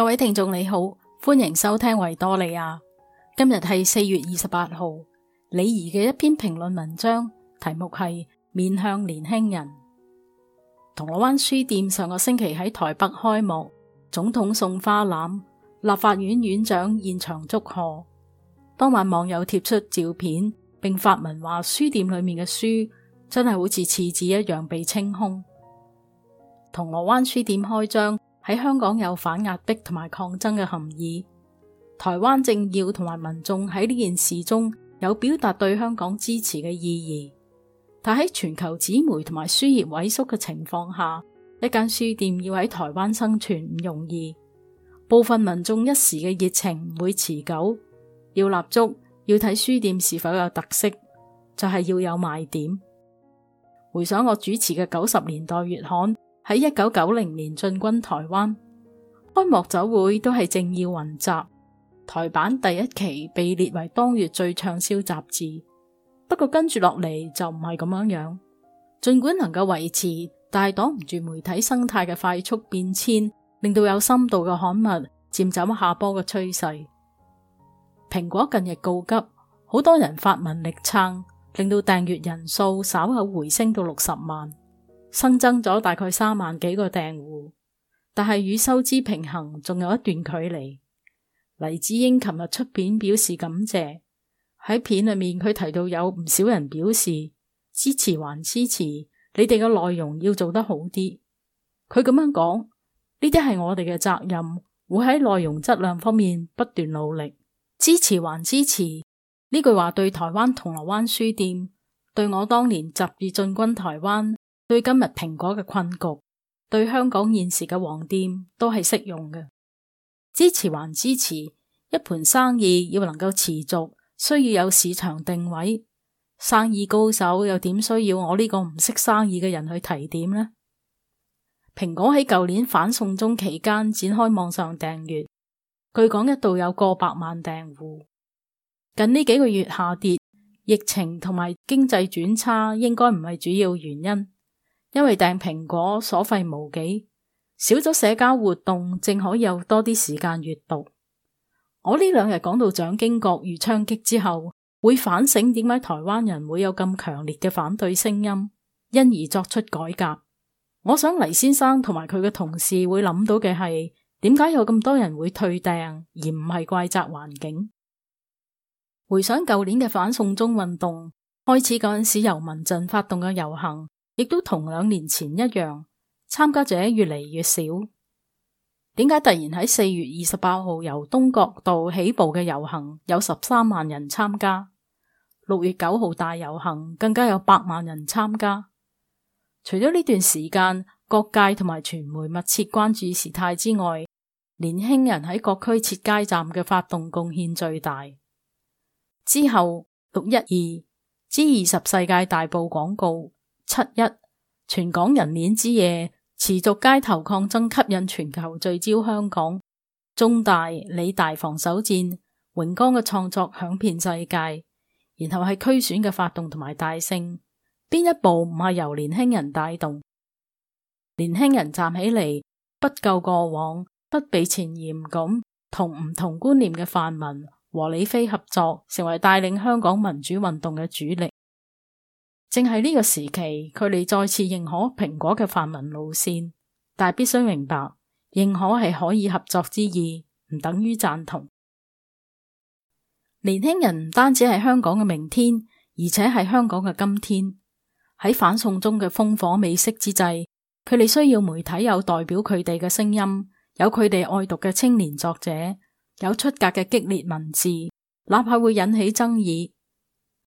各位聽眾你好，歡迎收聽維多利亞。今日係四月二十八號，李怡嘅一篇評論文章，題目係面向年輕人。銅鑼灣書店上個星期喺台北開幕，總統送花籃，立法院院長現場祝賀。當晚網友貼出照片，並發文話書店裏面嘅書真係好似廁紙一樣被清空。銅鑼灣書店開張。喺香港有反壓迫同埋抗爭嘅含義，台灣政要同埋民眾喺呢件事中有表達對香港支持嘅意義。但喺全球紙媒同埋書業萎縮嘅情況下，一間書店要喺台灣生存唔容易。部分民眾一時嘅熱情唔會持久，要立足要睇書店是否有特色，就係要有賣點。回想我主持嘅九十年代月刊。喺一九九零年進軍台灣，開幕酒會都係政要雲集。台版第一期被列為當月最暢銷雜誌，不過跟住落嚟就唔係咁樣樣。儘管能夠維持，但係擋唔住媒體生態嘅快速變遷，令到有深度嘅刊物漸走下坡嘅趨勢。蘋果近日告急，好多人發文力撐，令到訂閱人數稍有回升到六十萬。新增咗大概三萬幾個訂戶，但係與收支平衡仲有一段距離。黎智英琴日出片表示感謝，喺片裏面佢提到有唔少人表示支持，支持，還支持，你哋嘅內容要做得好啲。佢咁樣講，呢啲係我哋嘅責任，會喺內容質量方面不斷努力。支持還支持呢句話，對台灣銅鑼灣書店，對我當年執意進軍台灣。對今日蘋果嘅困局，對香港現時嘅黃店都係適用嘅。支持還支持，一盤生意要能夠持續，需要有市場定位。生意高手又點需要我呢個唔識生意嘅人去提點呢？蘋果喺舊年反送中期間展開網上訂閱，據講一度有過百萬訂戶。近呢幾個月下跌，疫情同埋經濟轉差應該唔係主要原因。因為訂蘋果所費無幾，少咗社交活動，正可以有多啲時間閱讀。我呢兩日講到蔣經國遇槍擊之後，會反省點解台灣人會有咁強烈嘅反對聲音，因而作出改革。我想黎先生同埋佢嘅同事會諗到嘅係，點解有咁多人會退訂，而唔係怪責環境。回想舊年嘅反送中運動開始嗰陣時，由民陣發動嘅遊行。亦都同兩年前一樣，參加者越嚟越少。點解突然喺四月二十八號由東角道起步嘅遊行有十三萬人參加，六月九號大遊行更加有百萬人參加？除咗呢段時間，各界同埋傳媒密切關注事態之外，年輕人喺各區設街站嘅發動貢獻最大。之後六一二 G20 世界大報廣告。七一全港人鏈之夜持續街頭抗爭，吸引全球聚焦香港。中大、理大防守戰，榮光嘅創作響遍世界。然後係區選嘅發動同埋大勝，邊一步唔係由年輕人帶動？年輕人站起嚟，不究過往，不避前嫌咁，同唔同觀念嘅泛民和理非合作，成為帶領香港民主運動嘅主力。正係呢個時期，佢哋再次認可蘋果嘅泛民路線，但必須明白，認可係可以合作之意，唔等於贊同。年輕人唔單止係香港嘅明天，而且係香港嘅今天。喺反送中嘅烽火未熄之際，佢哋需要媒體有代表佢哋嘅聲音，有佢哋愛讀嘅青年作者，有出格嘅激烈文字，哪怕會引起爭議。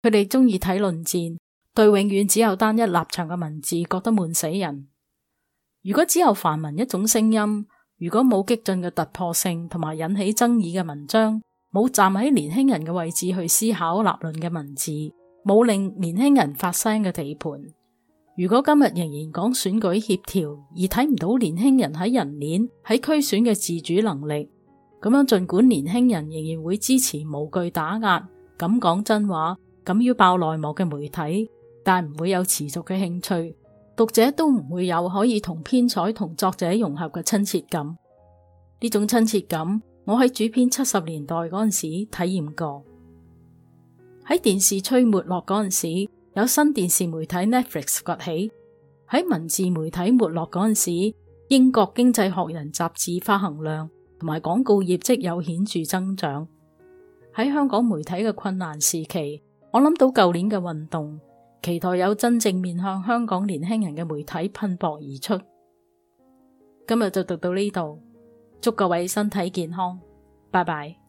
佢哋中意睇論戰。對永遠只有單一立場嘅文字覺得悶死人。如果只有繁文一種聲音，如果冇激進嘅突破性同埋引起爭議嘅文章，冇站喺年輕人嘅位置去思考立論嘅文字，冇令年輕人發聲嘅地盤。如果今日仍然講選舉協調，而睇唔到年輕人喺人鏈、喺區選嘅自主能力，咁樣盡管年輕人仍然會支持無懼打壓、敢講真話、敢要爆內幕嘅媒體。但唔會有持續嘅興趣，讀者都唔會有可以同編採同作者融合嘅親切感。呢種親切感，我喺主編七十年代嗰陣時體驗過。喺電視吹沒落嗰陣時，有新電視媒體 Netflix 崛起；喺文字媒體沒落嗰陣時，英國經濟學人雜誌發行量同埋廣告業績有顯著增長。喺香港媒體嘅困難時期，我諗到舊年嘅運動。期待有真正面向香港年輕人嘅媒體噴薄而出。今日就讀到呢度，祝各位身體健康，拜拜。